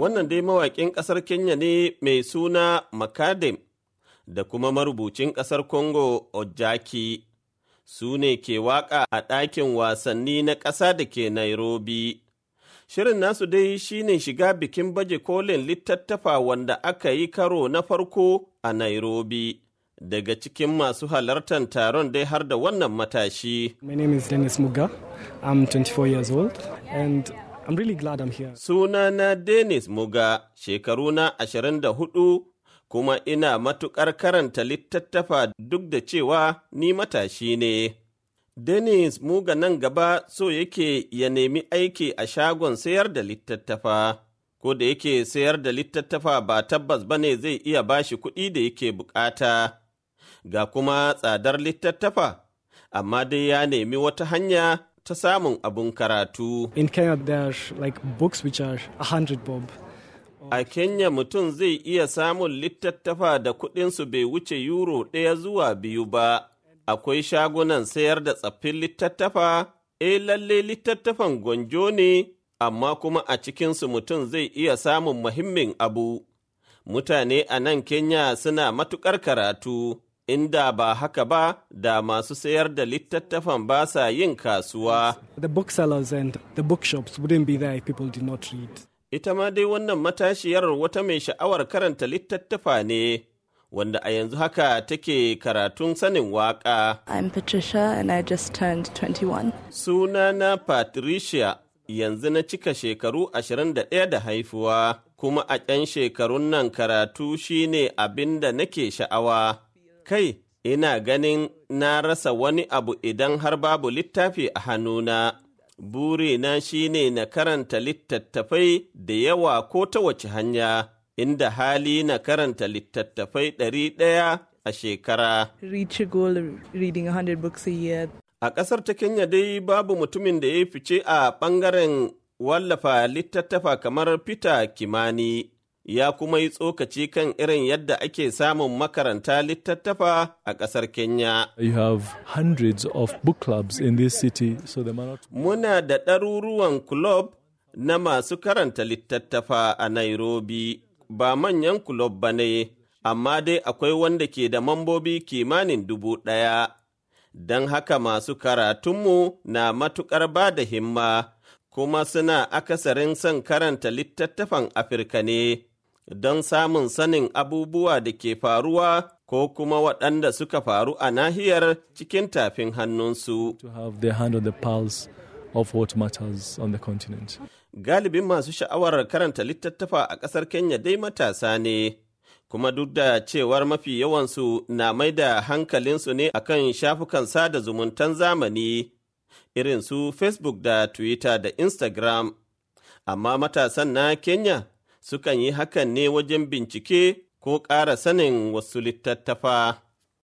Wannan dai mawaƙin ƙasar Kenya ne mai suna Makadem da kuma marubucin ƙasar Congo Ojaki su ne ke waƙa a ɗakin wasanni na ƙasa da ke Nairobi. Shirin nasu dai shine shiga bikin baje kolin littattafa wanda aka yi karo na farko a Nairobi. daga cikin masu halartar taron dai har da wannan matashi. My name is Dennis Muga, I'm 24 years old and I'm really glad I'm here. na Dennis Muga, na 24 kuma ina matuƙar karanta littattafa duk da cewa ni matashi ne. Dennis Muga nan gaba so yake ya nemi aiki a shagon sayar da littattafa. ko da yake sayar da littattafa ba tabbas ba ne zai iya bashi kuɗi da yake bukata. ga kuma tsadar littattafa, amma dai ya nemi wata hanya ta samun abun karatu. In Kenya there like books which are 100 bob. A Kenya mutum zai iya samun littattafa da kuɗinsu bai wuce euro ɗaya zuwa biyu ba. Akwai shagunan sayar da tsaffin littattafa, e lalle littattafan gwanjo ne, amma kuma a cikinsu mutum zai iya samun muhimmin abu. Mutane a nan Kenya suna matuƙar karatu. inda ba haka ba da masu sayar da littattafan ba sa yin kasuwa. The booksellers and the bookshops wouldn't be there if people did not read. Ita ma dai wannan matashiyar wata mai sha'awar karanta littattafa ne, wanda a yanzu haka take karatun sanin waka. I'm Patricia and I just turned 21. suna na Patricia yanzu na cika shekaru 21 da haifuwa, kuma a ƙyan shekarun nan karatu shine abin da nake sha'awa. Kai, ina ganin na rasa wani abu idan har babu littafi a hannuna. Burina na shine na karanta littattafai da yawa ko ta wace hanya, inda hali na karanta littattafai ɗari ɗaya a shekara. a A ƙasar ta Kenya dai babu mutumin da ya fice a ɓangaren wallafa littattafa kamar Peter Kimani. ya kuma yi tsokaci kan irin yadda ake samun makaranta littattafa a ƙasar Kenya. You have of book clubs Muna da ɗaruruwan kulob na masu karanta littattafa a Nairobi, ba manyan kulob ba ne, amma dai akwai wanda ke da mambobi kimanin dubu ɗaya. Don haka masu karatunmu na matuƙar ba da himma, kuma suna akasarin son karanta littattafan Afirka ne. don samun sanin abubuwa da ke faruwa ko kuma waɗanda suka faru a nahiyar cikin tafin hannunsu. Galibin masu sha'awar karanta littattafa a ƙasar Kenya dai matasa ne, kuma duk da cewar mafi yawansu na mai da hankalinsu ne akan shafukan sada zumuntan zamani, irin su Facebook da Twitter da Instagram. Amma matasan na Kenya sukan yi hakan ne wajen bincike ko ƙara sanin wasu littattafa.